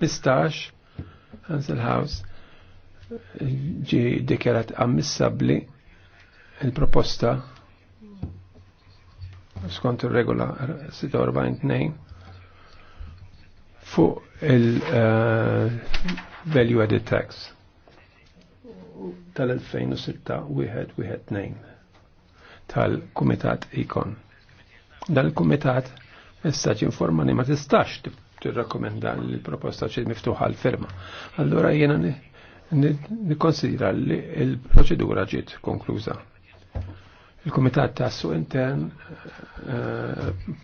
15 Hansel House ġi dikjarat ammissabli il-proposta skont il-regola 642 fuq il-value eh, added tax tal-2006 wieħed wieħed nejn tal-Kumitat Ikon. Dan il-Kumitat issa ġinformani ma tistax tirrakkomenda li l-proposta ċi miftuħa l-ferma. Allora jena nikonsidra li l-proċedura ġiet konkluża. Il-Komitat tassu intern eh,